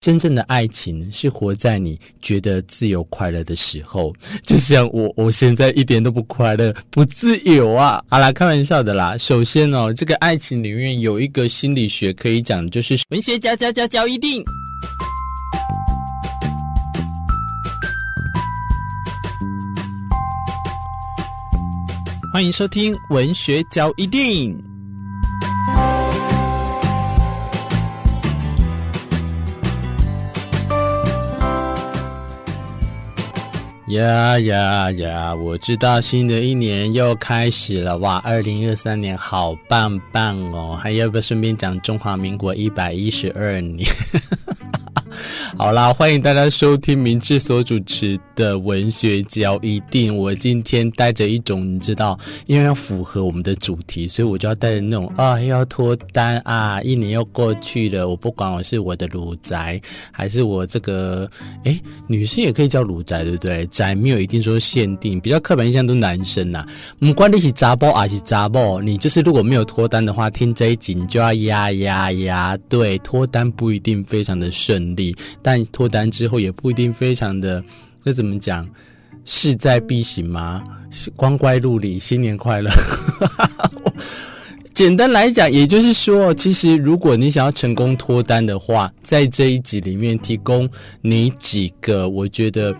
真正的愛情是活在你覺得自由快樂的時候，就像我，我現在一點都不快樂，不自由啊！好啦，開玩笑的啦。首先哦，這個愛情裡面有一個心理學可以講，就是文學家家家一定。歡迎收聽文學家一定。呀呀呀！Yeah, yeah, yeah, 我知道，新的一年又開始了。哇，二零二三年好棒棒哦！還要不要順便講中華民國一百一十二年？ 好啦，歡迎大家收聽明治所主持的文學教一定。我今天帶着一種，你知道，因為要符合我們的主題，所以我就要帶着那種啊，要脫單啊，一年又過去了，我不管我是我的魯宅還是我這個哎、欸，女生也可以叫魯宅對不對？宅沒有一定說限定，比較刻板印象都男生吶、啊。我們管你是查埔還是查某？你就是如果沒有脫單的話，聽這一集你就要壓壓壓。對，脫單不一定非常的順利。但脫單之後也不一定非常的，那怎麼講？勢在必行嗎？光怪陸離，新年快樂。 簡單來講，也就是說，其實如果你想要成功脫單的話，在這一集裡面提供你幾個，我覺得。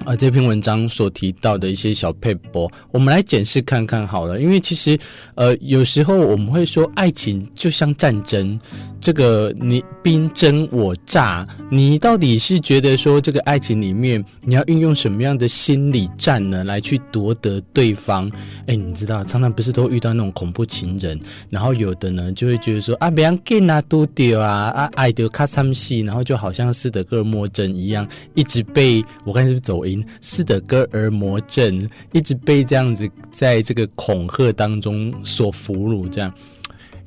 啊、呃，這篇文章所提到的一些小撇步，我們來檢視看看好了。因為其實，呃，有時候我們會說，愛情就像戰爭，這個你兵爭我詐，你到底是覺得說，這個愛情裡面你要運用什麼樣的心理戰呢，來去奪得對方？哎，你知道，常常不是都遇到那種恐怖情人，然後有的呢，就會覺得說，啊，別讓給啊都丟啊啊，愛到卡慘死，然後就好像斯德哥爾摩症一樣，一直被我看是不是走。是的，哥爾摩症一直被這樣子在這個恐嚇當中所俘虜，這樣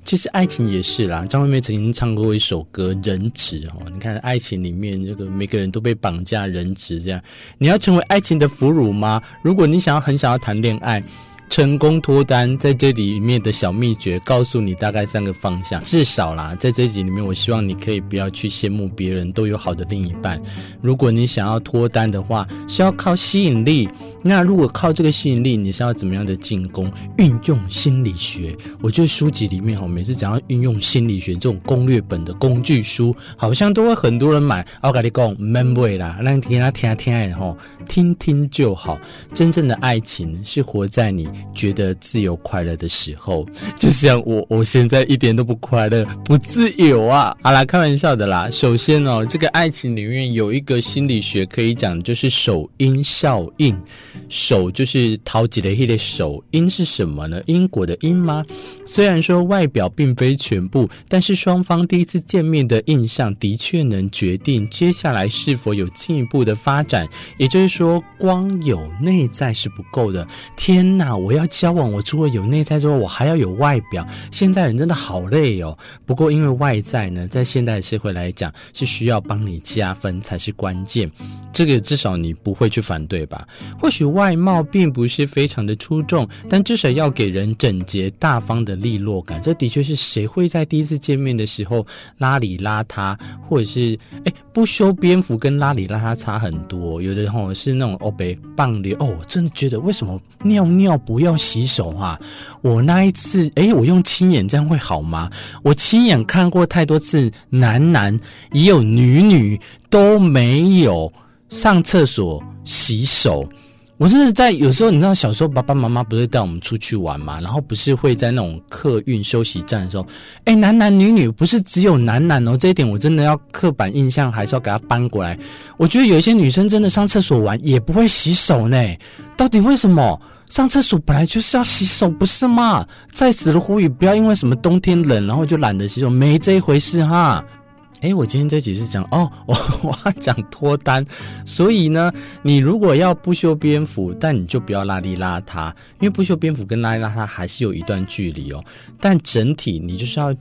其實愛情也是啦。張惠妹曾經唱過一首歌《人質》哦、喔，你看愛情裡面這個每個人都被綁架人質，這樣你要成為愛情的俘虜嗎？如果你想要很想要談戀愛。成功脫單在這裡面的小祕訣，告訴你大概三個方向。至少啦，在這集裡面，我希望你可以不要去羨慕別人都有好的另一半。如果你想要脫單的話，是要靠吸引力。那如果靠這個吸引力，你是要怎麼樣的進攻？運用心理學，我覺得書籍裡面哈，每次講到運用心理學這種攻略本的工具書，好像都會很多人買。澳你講 m e men y 啦，讓你聽他聽聽哈，聽聽就好。真正的愛情是活在你，覺得自由快樂的時候，就像我，我現在一點都不快樂，不自由啊！好啦，開玩笑的啦。首先哦，這個愛情裡面有一個心理學可以講，就是首因效應。首就是陶吉的黑的首因是什麼呢？因果的因嗎？雖然說外表並非全部，但是雙方第一次見面的印象的確能決定接下來是否有進一步的發展。也就是說，光有內在是不夠的。天哪！我要交往，我除了有內在之外，我還要有外表。現在人真的好累哦。不過因為外在呢，在現代社會來講，是需要幫你加分才是關鍵。這個至少你不會去反對吧？或許外貌並不是非常的出眾，但至少要給人整潔、大方的利落感。這的確是誰會在第一次見面的時候邋裡邋遢，或者是誒不修邊幅，跟邋裡邋遢差很多哦。有的時候哦、是那種歐北棒流哦，我真的覺得為什麼尿尿不。不要洗手哈、啊，我那一次，哎、欸，我用親眼這樣會好嗎？我親眼看過太多次，男男也有女女都沒有上廁所洗手。我甚至在有時候，你知道，小時候爸爸媽媽不是帶我們出去玩嘛，然後不是會在那種客運休息站的時候，哎、欸，男男女女不是只有男男哦，這一點我真的要刻板印象還是要給他搬過來？我覺得有一些女生真的上廁所完也不會洗手呢，到底為什麼？上廁所本來就是要洗手，不是嗎？在此的呼籲，不要因為什麼冬天冷，然後就懶得洗手，沒這一回事哈。哎、欸，我今天這集是講哦，哦，我我要講脫單，所以呢，你如果要不修邊幅，但你就不要邋裡邋遢，因為不修邊幅跟邋裡邋遢還是有一段距離哦。但整體你就是要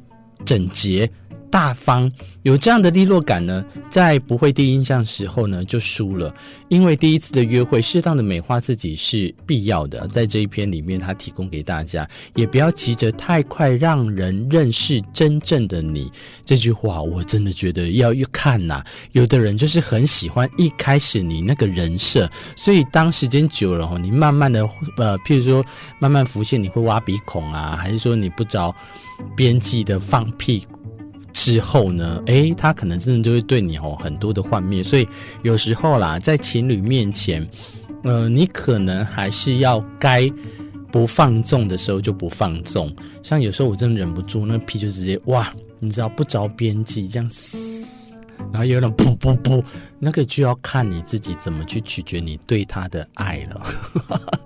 整潔。大方有這樣的利落感呢，在不會第一印象時候呢就輸了，因為第一次的約會，適當的美化自己是必要的。在這一篇裡面，他提供給大家，也不要急着太快讓人認識真正的你。這句話我真的覺得要一看吶啊。有的人就是很喜歡一開始你那個人設，所以當時間久了，你慢慢的呃，譬如說慢慢浮現，你會挖鼻孔啊，還是說你不着邊際的放屁股之後呢，誒、欸，他可能真的就會對你哦、喔、很多的幻滅，所以有時候啦，在情侶面前，呃，你可能還是要該不放縱的時候就不放縱。像有時候我真的忍不住，那屁就直接哇，你知道不着邊際這樣，然後有點噗噗噗，那個就要看你自己怎麼去取決你對他的愛了。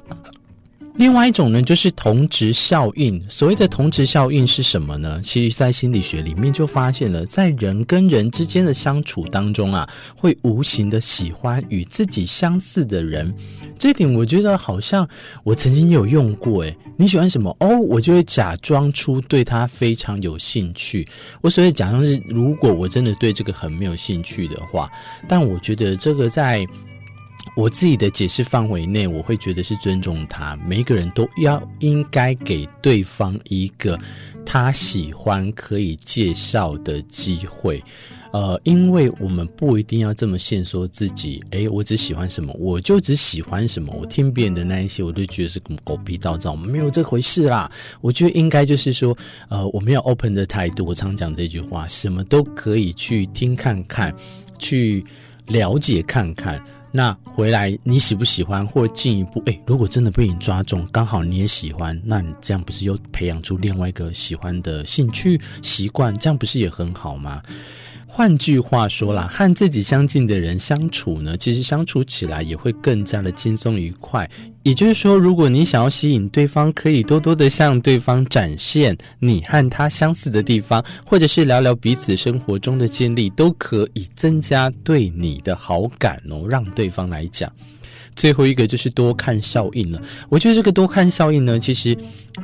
另外一種呢，就是同質效應。所謂的同質效應是什麼呢？其實，在心理學裡面就發現了，在人跟人之間的相處當中啊，會無形的喜歡與自己相似的人。這一點我覺得好像我曾經有用過、欸。誒，你喜歡什麼？哦，我就會假裝出對他非常有興趣。我所以假裝是，如果我真的對這個很沒有興趣的話，但我覺得這個在。我自己的解釋範圍內，我會覺得是尊重他。每一個人都要應該給對方一個他喜歡可以介紹的機會，呃，因為我們不一定要這麼現說自己，誒，我只喜歡什麼，我就只喜歡什麼。我聽別人的那一些，我都覺得是狗屁倒灶，我們沒有這回事啦。我覺得應該就是說，呃，我們要 open 的態度。我常講這句話，什麼都可以去聽看看，去了解看看。那回來你喜不喜歡？或進一步，哎、欸，如果真的被你抓中，剛好你也喜歡，那你這樣不是又培養出另外一個喜歡的興趣習慣？這樣不是也很好嗎？換句話說啦，和自己相近的人相處呢，其實相處起來也會更加的輕鬆愉快。也就是說，如果你想要吸引對方，可以多多的向對方展現你和他相似的地方，或者是聊聊彼此生活中的經歷，都可以增加對你的好感哦，讓對方來講。最後一個就是多看效應了。我覺得這個多看效應呢，其實，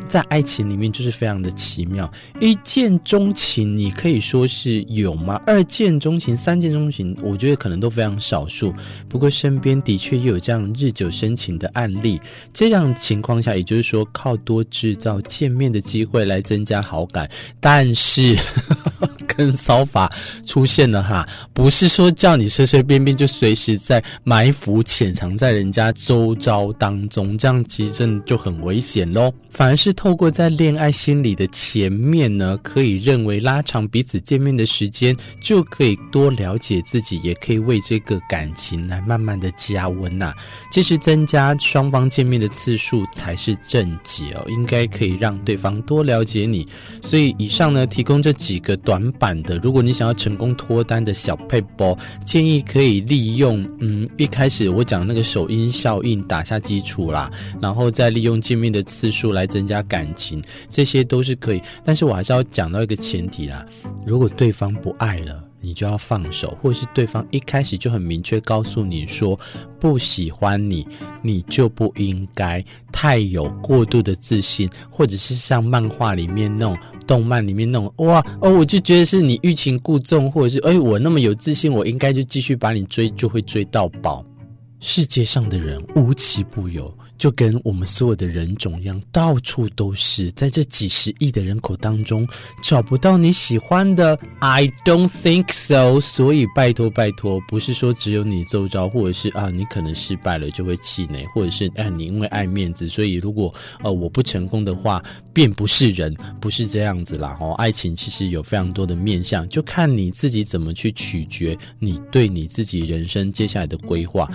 在愛情裡面就是非常的奇妙。一見鍾情，你可以說是有嗎？二見鍾情，三見鍾情，我覺得可能都非常少數。不過身邊的確也有這樣日久生情的案例。這樣情況下，也就是說靠多製造見面的機會來增加好感，但是，呵呵跟騷法出現了哈，不是說叫你隨隨便便就隨時在埋伏潛藏，在人家周遭當中，這樣其實真的就很危險嘍。反而是透過在戀愛心理的前面呢，可以認為拉長彼此見面的時間，就可以多了解自己，也可以為這個感情來慢慢的加溫吶、啊。其實增加雙方見面的次數才是正解哦，應該可以讓對方多了解你。所以以上呢，提供這幾個短板的，如果你想要成功脫單的小撇步，建議可以利用嗯一開始我講那個，手因效應打下基礎啦，然後再利用見面的次數來增加感情，這些都是可以。但是我還是要講到一個前提啦，如果對方不愛了，你就要放手，或者是對方一開始就很明確告訴你說不喜歡你，你就不應該太有過度的自信，或者是像漫畫裡面那種、動漫裡面那種，哇哦，我就覺得是你欲擒故縱，或者是哎，我那麼有自信，我應該就繼續把你追，就會追到寶。世界上的人無奇不有，就跟我們所有的人種一樣，到處都是。在這幾十億的人口當中，找不到你喜歡的。I don't think so。所以拜託拜託，不是說只有你周遭，或者是啊，你可能失敗了就會氣餒，或者是哎、啊，你因為愛面子，所以如果呃、啊，我不成功的話，便不是人，不是這樣子啦。哦，愛情其實有非常多的面向，就看你自己怎麼去取決你對你自己人生接下來的規劃。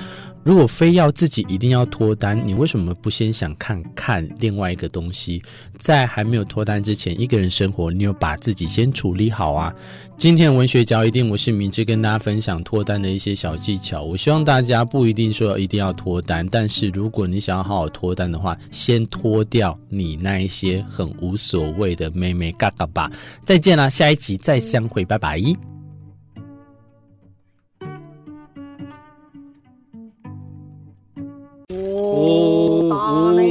如果非要自己一定要脫單，你為什麼不先想看看另外一個東西？在還沒有脫單之前，一個人生活，你有把自己先處理好啊？今天文學嚼一嚼，我是明知跟大家分享脫單的一些小技巧。我希望大家不一定說一定要脫單，但是如果你想要好好脫單的話，先脫掉你那一些很無所謂的眉眉角角吧。再見啦，下一集再相會，拜拜。拔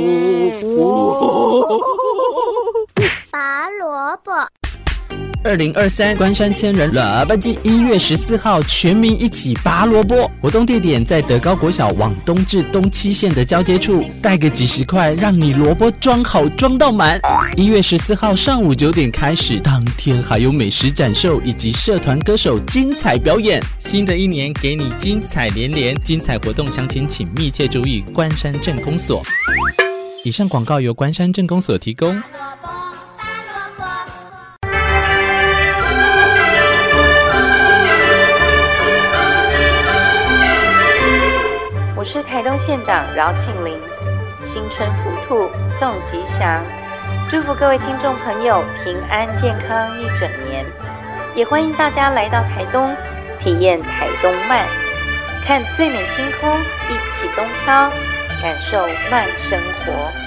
蘿蔔。二零二三關山千人蘿蔔季一月十四號，全民一起拔蘿蔔活動地點在德高國小往東至東七線的交接處，帶個幾十塊，讓你蘿蔔裝好裝到滿。一月十四號上午九點開始，當天還有美食展售以及社團歌手精彩表演。新的一年給你精彩連連，精彩活動詳情請密切注意關山鎮公所。以上廣告由關山鎮公所提供。台東縣長饒慶鈴新春福兔送吉祥，祝福各位聽眾朋友平安健康一整年，也歡迎大家來到台東，體驗台東慢，看最美星空，一起東漂，感受慢生活。